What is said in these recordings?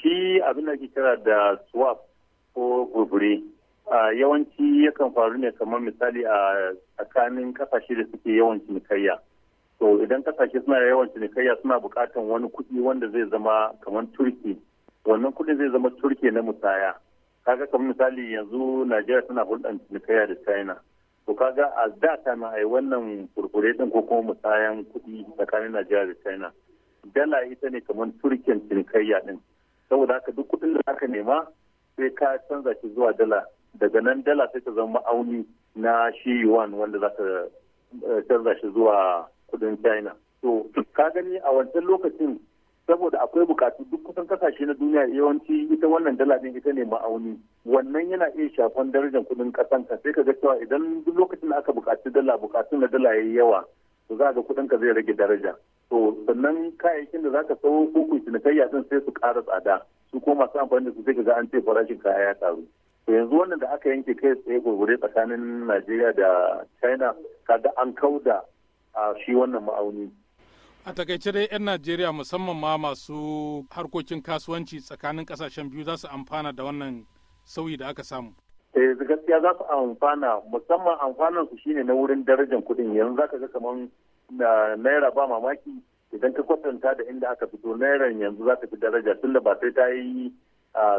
shi abin da ke kira da swap ko gubure yawanci yakan faru ne kamar misali a tsakanin kasashe da suke yawan cinikayya to idan kasashe suna yawan cinikayya suna bukatan wani kuɗi wanda zai zama kamar turki wannan kuɗi zai zama turki na musaya kaga kamar misali yanzu najeriya tana hulɗar cinikayya da china to kaga a da na ai wannan kurkure din ko kuma musayan kuɗi tsakanin najeriya da china dala ita ne kamar turkin cinikayya din saboda haka duk kudin da aka nema sai ka canza shi zuwa dala daga nan dala sai ta zama ma'auni na shi yuan wanda za ka eh, canza shi zuwa kuɗin china to ka gani a wancan lokacin saboda akwai bukatu duk kusan kasashe na duniya yawanci ita wannan dala din ita ne ma'auni wannan yana iya shafan darajar kuɗin ƙasan ka sai ka ga cewa idan duk lokacin da aka bukaci dala bukatun na dala yayi yawa to za ga kudin ka zai rage daraja to sannan kayayyakin da zaka sayo ko cinikayya din sai su ƙara tsada su ko masu amfani da su sai ga an ce farashin kaya ya ƙaru to yanzu wannan da aka yanke kai tsaye gurgure tsakanin Najeriya da China kaga an kauda a shi wannan ma'auni a takaice dai 'yan najeriya musamman ma masu harkokin kasuwanci tsakanin kasashen biyu za su amfana da wannan sauyi da aka samu eh gaskiya za su amfana musamman amfanan su shine na wurin darajar kuɗin yanzu za ka ga kaman naira ba mamaki idan ka kwatanta da inda aka fito naira yanzu za ta fi daraja tun da ba sai ta yi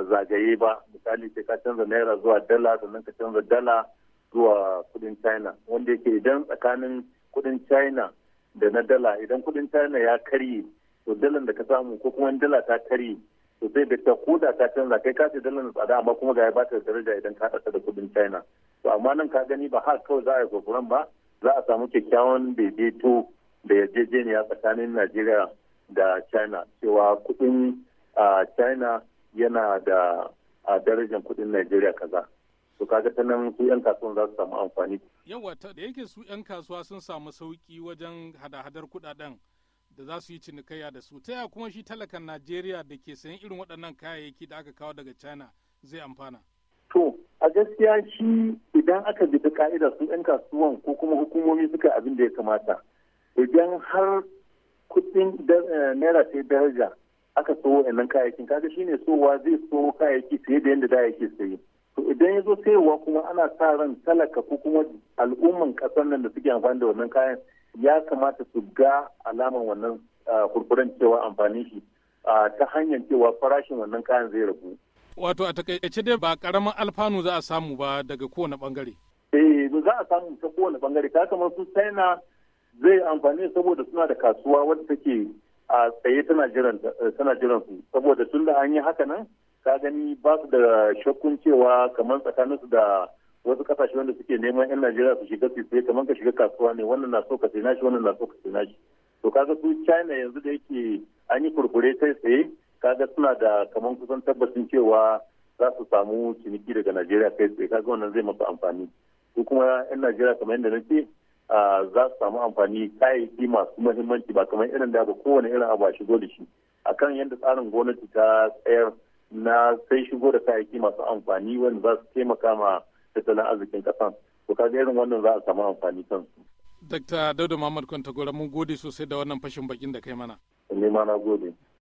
zagaye ba misali sai ka canza naira zuwa dala sannan ka canza dala zuwa kudin china wanda yake idan tsakanin kudin china da na dala idan kudin china ya karye to dalan da ka samu ko kuma dala ta karye to sai da ta koda ta canza kai ka ce dalan da tsada amma kuma ga ya ba ta daraja idan ka haɗa da kudin china to amma nan ka gani ba har kawai za a yi kwakwaran ba za a samu kyakkyawan daidaito da yarjejeniya tsakanin najeriya da china cewa kudin china yana da a darajar kudin najeriya kaza to kaga ta nan su 'yan kasuwan za su samu amfani yawa da yake su 'yan kasuwa sun samu sauki wajen hada-hadar kudaden da za su yi cinikayya da su ta kuma shi talakan najeriya da ke sayan irin waɗannan kayayyaki da aka kawo daga china zai amfana gaskiya shi idan aka bi ka'ida su 'yan kasuwan ko kuma hukumomi suka abin da ya kamata idan har kudin eh, naira sai daraja aka so wa'annan kayayyakin kaga shine sowa zai so kayayyaki fiye da yadda da yake sayi to idan ya zo sayowa kuma ana sa ran talaka ko kuma al'umman kasar nan da suke amfani da wannan kayan ya kamata su ga alaman wannan ah, kurkuren cewa amfanin shi ah, ta hanyar cewa farashin wannan kayan zai ragu Wato a takaice dai ba karamin alfanu za a samu ba daga kowane bangare. Eh ba za a samu ta kowane bangare ta kamar su China zai amfani saboda suna da kasuwa wadda take a tsaye eh, tana jiran su saboda tun da an yi haka nan ka gani ba su da shakkun cewa kamar tsakanin su da wasu kasashe wanda suke neman yan Najeriya su shiga su sai kamar ka shiga kasuwa ne wannan na so ka sai nashi wannan na so ka sai nashi to kaga su China yanzu da yake an yi kurkure sai tsaye kaga suna da kamar kusan tabbacin cewa za su samu ciniki daga najeriya kai tsaye kaga wannan zai masu amfani ko kuma yan najeriya kamar yadda na ce za su samu amfani kayayyaki masu mahimmanci ba kamar irin da ba kowane irin abu a shigo da shi akan yadda tsarin gwamnati ta tsayar na sai shigo da kayayyaki masu amfani wanda za su taimaka ma tattalin arzikin kasan to kaga irin wannan za a samu amfani kansu. Dr. Dauda Muhammad Kwantagora mun gode sosai da wannan fashin bakin da kai mana. Ni ma na gode.